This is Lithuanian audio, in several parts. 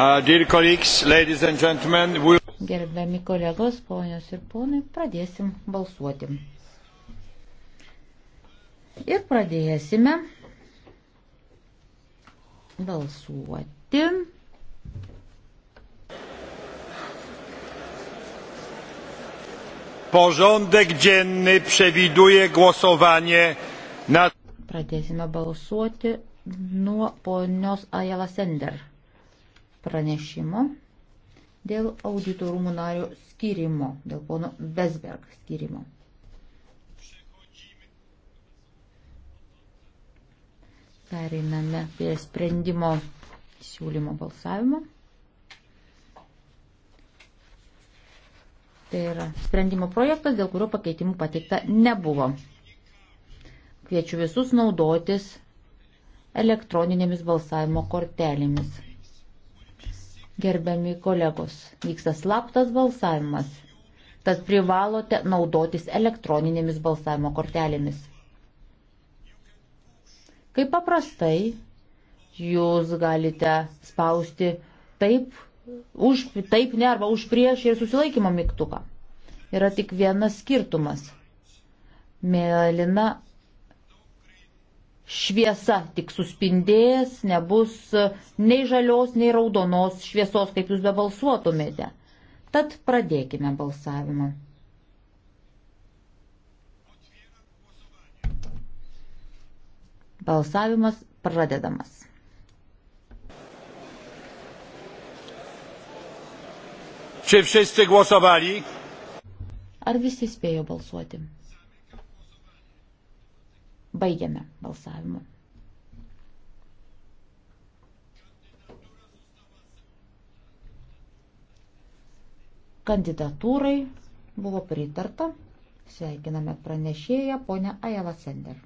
Uh, we'll... Gerbiami kolegos, ponios ir ponai, pradėsim balsuoti. Ir pradėsime balsuoti. Porządek dzienny przewiduje głosowanie nad. Pradėsime balsuoti nuo ponios Ajala Sender pranešimo dėl auditorumų nario skirimo, dėl pono Vesberg skirimo. Pereiname prie sprendimo siūlymo balsavimo. Tai yra sprendimo projektas, dėl kurio pakeitimų pateikta nebuvo. Kviečiu visus naudotis elektroninėmis balsavimo kortelėmis. Gerbiami kolegos, vyksta slaptas balsavimas, tad privalote naudotis elektroninėmis balsavimo kortelėmis. Kaip paprastai, jūs galite spausti taip, už, taip ne arba už prieš ir susilaikymo mygtuką. Yra tik vienas skirtumas. Mėlyna šviesa tik suspindės, nebus nei žalios, nei raudonos šviesos, kaip jūs bebalsuotumėte. Tad pradėkime balsavimą. Balsavimas pradedamas. Čia visi głosowali? Ar visi spėjo balsuoti? Baigiame balsavimu. Kandidatūrai buvo pritarta. Sveikiname pranešėją ponę Ajelą Sender.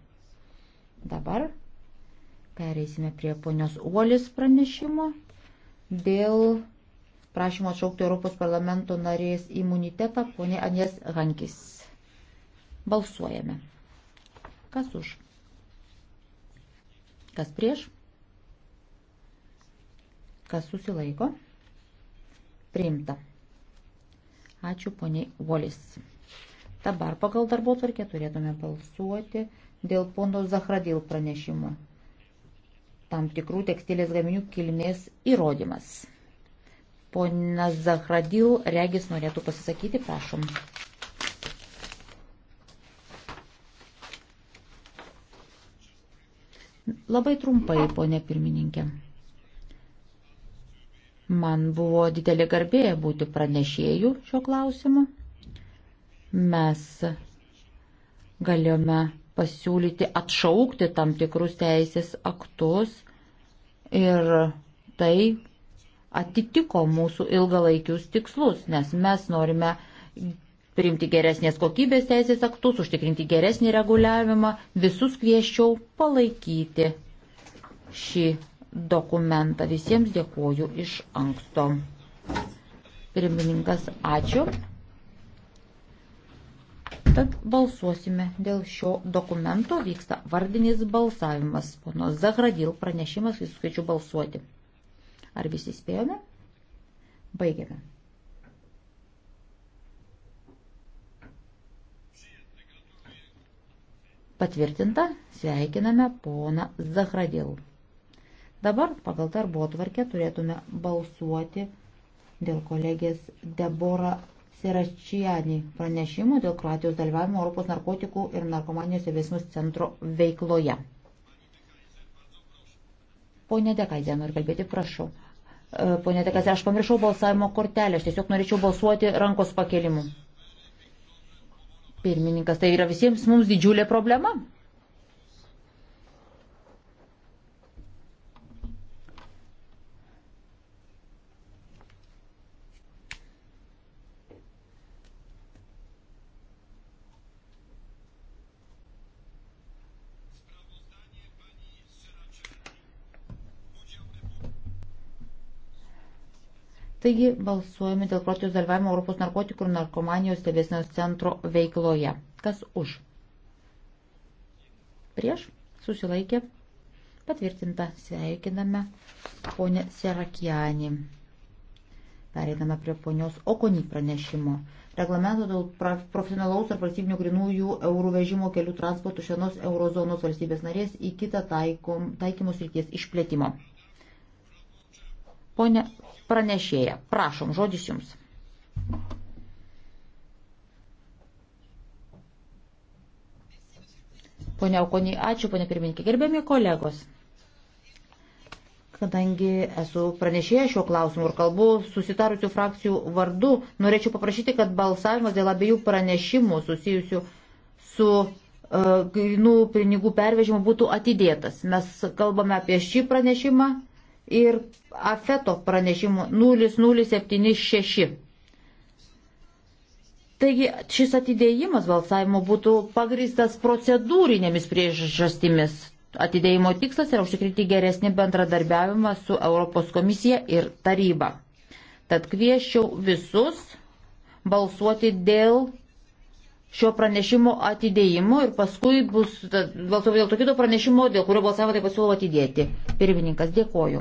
Dabar pereisime prie ponios Uolis pranešimo dėl prašymo atšaukti Europos parlamento narės imunitetą ponė Anės Hankis. Balsuojame. Kas už? Kas prieš? Kas susilaiko? Priimta. Ačiū poniai Volis. Dabar pagal darbo tvarkę turėtume balsuoti dėl pono Zahradil pranešimo. Tam tikrų tekstilės gaminių kilmės įrodymas. Pona Zahradil, regis norėtų pasisakyti, prašom. Labai trumpai, ponė pirmininkė. Man buvo didelė garbė būti pranešėjų šio klausimu. Mes galėjome pasiūlyti atšaukti tam tikrus teisės aktus ir tai atitiko mūsų ilgalaikius tikslus, nes mes norime priimti geresnės kokybės teisės aktus, užtikrinti geresnį reguliavimą, visus kvieščiau palaikyti šį dokumentą. Visiems dėkuoju iš anksto. Pirmininkas, ačiū. Tad balsuosime dėl šio dokumento. Vyksta vardinis balsavimas. Pono Zahradil pranešimas, visus kviečiu balsuoti. Ar visi spėjome? Baigiame. Patvirtinta, sveikiname poną Zahradil. Dabar pagal darbo tvarkę turėtume balsuoti dėl kolegės Debora Siračiani pranešimo dėl Kroatijos dalyvavimo Europos narkotikų ir narkomanijos įveiksmus centro veikloje. Pone Dekaizė, noriu kalbėti, prašau. E, pone Dekaizė, aš pamiršau balsavimo kortelę, aš tiesiog norėčiau balsuoti rankos pakelimu. Pirmininkas, tai yra visiems mums didžiulė problema. Taigi balsuojame dėl Kroatijos dalyvavimo Europos narkotikų ir narkomanijos stebėsinos centro veikloje. Kas už? Prieš? Susilaikė? Patvirtinta. Sveikiname ponę Serakijanį. Pereiname prie ponios Okonį pranešimo. Reglamento dėl profesionalaus ar valstybinių grinųjų eurų vežimo kelių transportų šienos eurozonos valstybės narės į kitą taikom, taikymus ryties išplėtimo. Pone pranešėja. Prašom, žodis jums. Pone Aukonį, ačiū, pone pirmininkė. Gerbėmi kolegos, kadangi esu pranešėja šio klausimu ir kalbu susitarusių frakcijų vardu, norėčiau paprašyti, kad balsavimas dėl abiejų pranešimų susijusių su grinų e, pinigų pervežimo būtų atidėtas. Mes kalbame apie šį pranešimą ir afeto pranešimo 0076. Taigi šis atidėjimas balsavimo būtų pagristas procedūrinėmis priežastimis. Atidėjimo tikslas yra užtikrinti geresnį bendradarbiavimą su Europos komisija ir taryba. Tad kvieščiau visus balsuoti dėl šio pranešimo atidėjimu ir paskui bus balsuojama dėl to kito pranešimo, dėl kurio balsavo taip pasiūlau atidėti. Pirmininkas, dėkoju.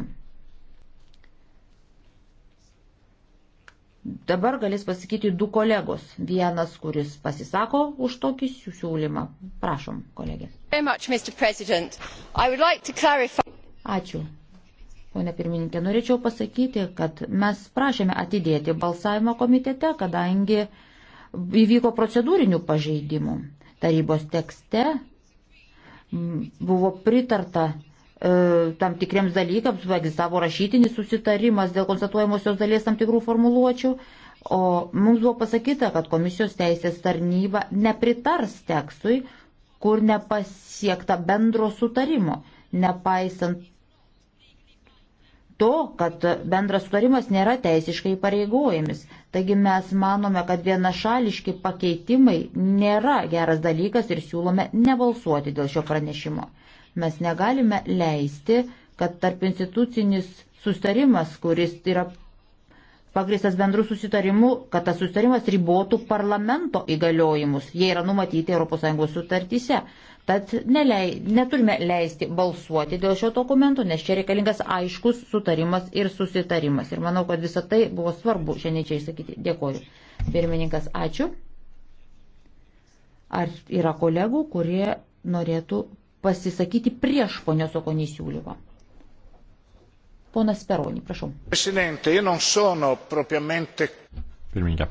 Dabar galės pasakyti du kolegos. Vienas, kuris pasisako už tokį siūlymą. Prašom, kolegė. Ačiū. Pone pirmininkė, norėčiau pasakyti, kad mes prašėme atidėti balsavimą komitete, kadangi uh, įvyko procedūrinių pažeidimų. Tarybos tekste buvo pritarta e, tam tikriems dalykams, egzistavo rašytinis susitarimas dėl konstatuojamosios dalies tam tikrų formuluočių, o mums buvo pasakyta, kad komisijos teisės tarnyba nepritars tekstui, kur nepasiekta bendro sutarimo, nepaisant to, kad bendras sutarimas nėra teisiškai pareigojimis. Taigi mes manome, kad vienašališki pakeitimai nėra geras dalykas ir siūlome nebalsuoti dėl šio pranešimo. Mes negalime leisti, kad tarp institucinis sustarimas, kuris yra pagristas bendrų susitarimų, kad tas sustarimas ribotų parlamento įgaliojimus. Jie yra numatyti ES sutartyse. Tad nelei, neturime leisti balsuoti dėl šio dokumento, nes čia reikalingas aiškus sutarimas ir susitarimas. Ir manau, kad visą tai buvo svarbu šiandien čia išsakyti. Dėkoju. Pirmininkas, ačiū. Ar yra kolegų, kurie norėtų pasisakyti prieš ponios Okonį siūlymą? Ponas Peronį, prašau. Pirmininkė,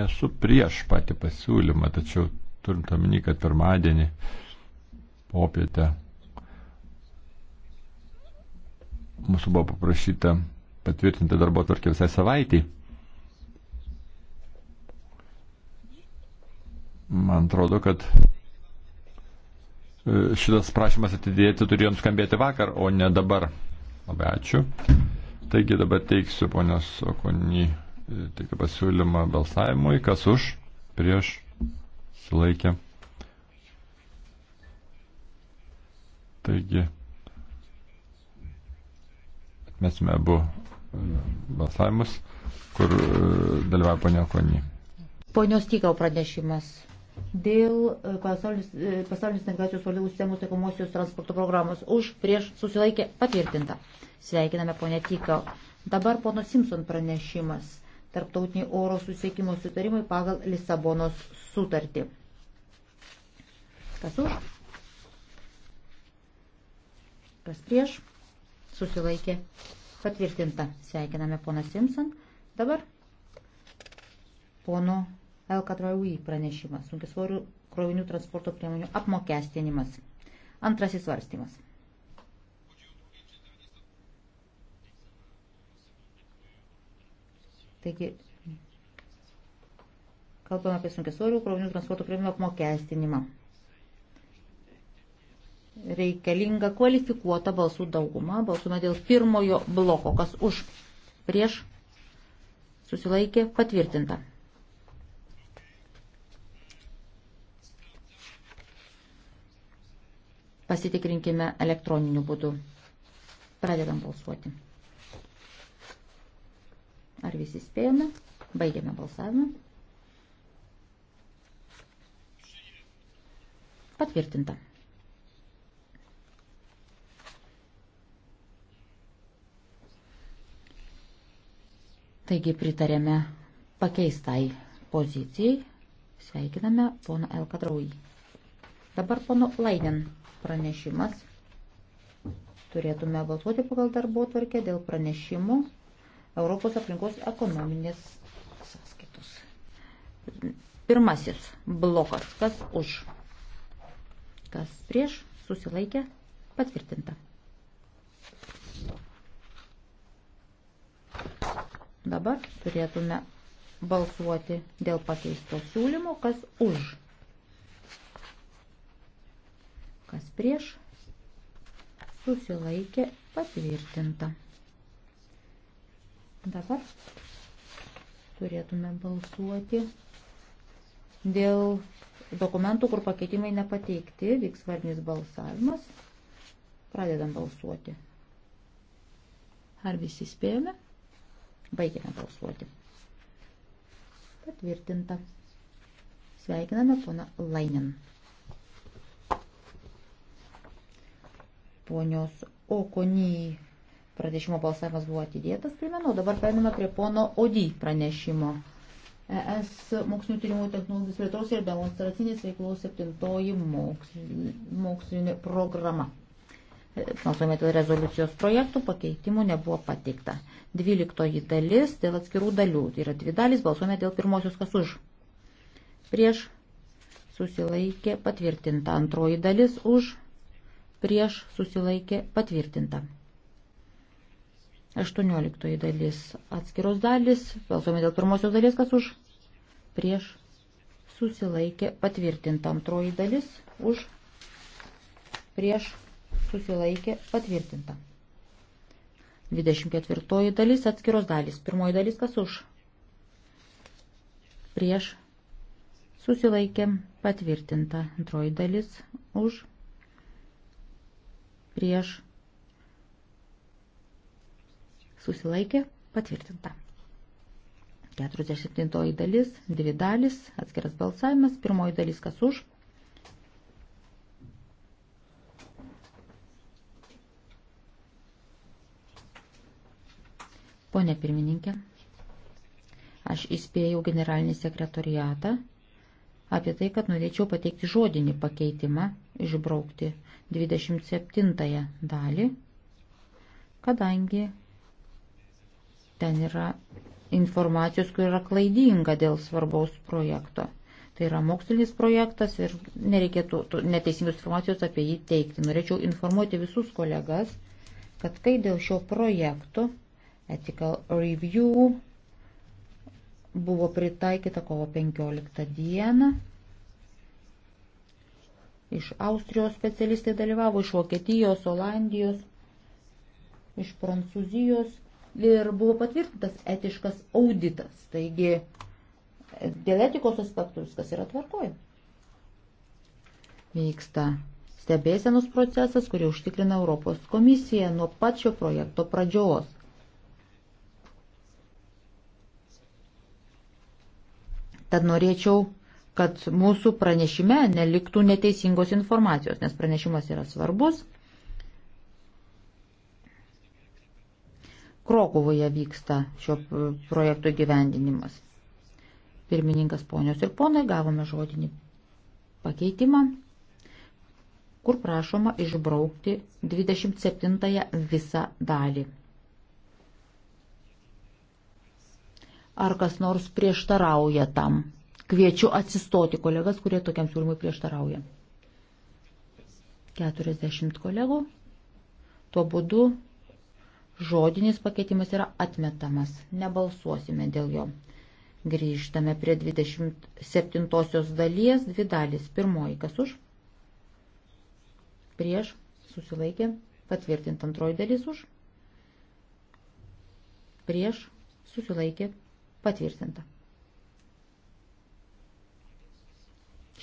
nesu prieš patį pasiūlymą, tačiau turint omeny, kad pirmadienį popietę mūsų buvo paprašyta patvirtinti darbo tvarkę visai savaitį. Man atrodo, kad e, šitas prašymas atidėti turėjo nuskambėti vakar, o ne dabar. Labai ačiū. Taigi dabar teiksiu ponios Okonį e, tik pasiūlymą balsavimui, kas už, prieš susilaikė. Taigi, atmesime abu balsavimus, kur e, dalyvavo ponia Konį. Ponios Tykau pranešimas. Dėl e, e, pasaulinės navigacijos valdovų sistemos taikomosios transporto programos už prieš susilaikė patvirtinta. Sveikiname ponę Tykau. Dabar pono Simpson pranešimas tarptautiniai oro susiekimo sutarimai pagal Lisabonos sutartį. Kas už? Kas prieš? Susilaikė. Patvirtinta. Sveikiname poną Simpson. Dabar pono Elkatraui pranešimas. Sunkisvorių krovinių transporto priemonių apmokestinimas. Antrasis svarstymas. Taigi, kalbame apie sunkesorių krovinių transporto priemonių apmokestinimą. Reikalinga kvalifikuota balsų dauguma. Balsume dėl pirmojo bloko, kas už prieš susilaikė patvirtinta. Pasitikrinkime elektroniniu būdu. Pradedam balsuoti. Ar visi spėjome? Baigiame balsavimą. Patvirtinta. Taigi pritarėme pakeistai pozicijai. Sveikiname pono Elkadraujį. Dabar pono Laiden pranešimas. Turėtume balsuoti pagal darbo tvarkę dėl pranešimų Europos aplinkos ekonominės sąskaitos. Pirmasis blokas. Kas už? Kas prieš? Susilaikė? Patvirtinta. Dabar turėtume balsuoti dėl pakeisto siūlymo, kas už, kas prieš, susilaikė patvirtinta. Dabar turėtume balsuoti dėl dokumentų, kur pakeitimai nepateikti, vyks vardinis balsavimas. Pradedam balsuoti. Ar visi spėjome? Baigėme balsuoti. Patvirtinta. Sveikiname poną Lainin. Ponios Okony pranešimo balsavimas buvo atidėtas, primenu, dabar periname prie pono Odį pranešimo. ES mokslinio tyrimų technologijos plėtros ir demonstracinės veiklos septintoji mokslinė programa. E, balsuojame dėl rezoliucijos projektų, pakeitimų nebuvo pateikta. Dvyliktoji dalis dėl atskirų dalių. Tai yra dvi dalis, balsuojame dėl pirmosios kas už. Prieš susilaikė patvirtinta. Antroji dalis už. Prieš susilaikė patvirtinta. 18 dalis atskiros dalis. Balsuojame dėl pirmosios dalies, kas už prieš susilaikė patvirtinta. Antroji dalis už prieš susilaikė patvirtinta. 24 dalis atskiros dalis. Pirmoji dalis kas už prieš susilaikė patvirtinta. Antroji dalis už prieš susilaikė patvirtinta. 47 dalis, dvi dalis, atskiras balsavimas, pirmoji dalis kas už. Pone pirmininkė, aš įspėjau generalinį sekretoriatą apie tai, kad norėčiau pateikti žodinį pakeitimą, išbraukti 27 dalį, kadangi Ten yra informacijos, kur yra klaidinga dėl svarbaus projekto. Tai yra mokslinis projektas ir nereikėtų neteisingos informacijos apie jį teikti. Norėčiau informuoti visus kolegas, kad kai dėl šio projekto Ethical Review buvo pritaikyta kovo 15 dieną. Iš Austrijos specialistai dalyvavo, iš Vokietijos, Olandijos, iš Prancūzijos ir buvo patvirtintas etiškas auditas. Taigi dėl etikos aspektų viskas yra tvarkoje. Vyksta stebėsenos procesas, kurį užtikrina Europos komisija nuo pačio projekto pradžios. Tad norėčiau, kad mūsų pranešime neliktų neteisingos informacijos, nes pranešimas yra svarbus Krokuvoje vyksta šio projekto gyvendinimas. Pirmininkas ponios ir ponai gavome žodinį pakeitimą, kur prašoma išbraukti 27-ąją visą dalį. Ar kas nors prieštarauja tam? Kviečiu atsistoti kolegas, kurie tokiam siūlymui prieštarauja. 40 kolegų. Tuo būdu Žodinis pakeitimas yra atmetamas. Nebalsuosime dėl jo. Grįžtame prie 27 dalies, dvi dalis. Pirmoji, kas už? Prieš, susilaikė, patvirtint antroji dalis už. Prieš, susilaikė, patvirtinta.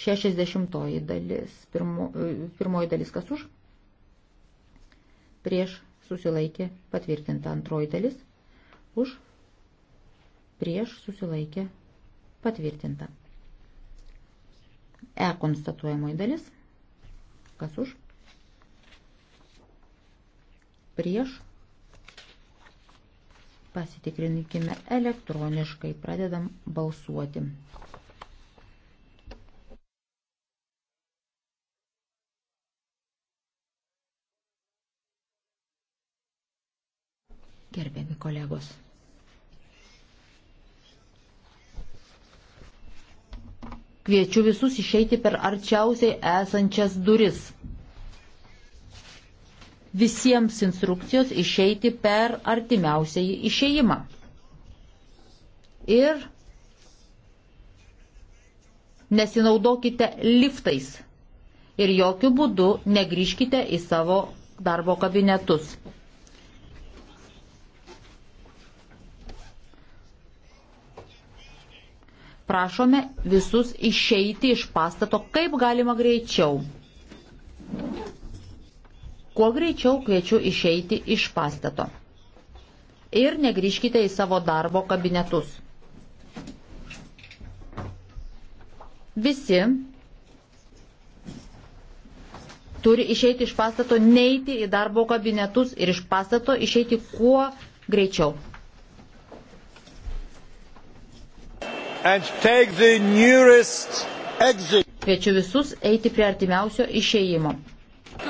60 dalis, pirmo, e, pirmoji dalis kas už? Prieš, susilaikė patvirtinta antroji dalis, už prieš susilaikė patvirtinta. E konstatuojamoji dalis, kas už, prieš pasitikrinkime elektroniškai, pradedam balsuoti. gerbiami kolegos. Kviečiu visus išeiti per arčiausiai esančias duris. Visiems instrukcijos išeiti per artimiausiai išėjimą. Ir nesinaudokite liftais ir jokių būdų negryžkite į savo darbo kabinetus. prašome visus išeiti iš pastato kaip galima greičiau. Kuo greičiau kviečiu išeiti iš pastato. Ir negryžkite į savo darbo kabinetus. Visi turi išeiti iš pastato, neiti į darbo kabinetus ir iš pastato išeiti kuo greičiau. Kviečiu visus eiti prie artimiausio išėjimo. Uh,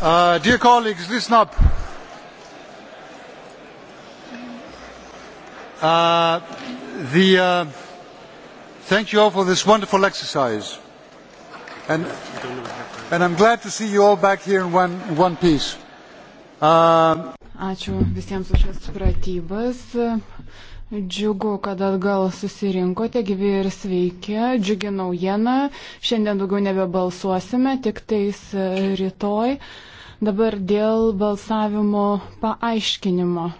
Uh, dear colleagues, listen up. Uh, the, uh, thank you all for this wonderful exercise. And, and I'm glad to see you all back here in one, in one piece. Uh, Ačiū visiems už šias pratybas. Džiugu, kad atgal susirinkote gyvi ir sveiki. Džiugi naujiena. Šiandien daugiau nebebalsuosime, tik tais rytoj. Uh, Dabar dėl balsavimo paaiškinimo.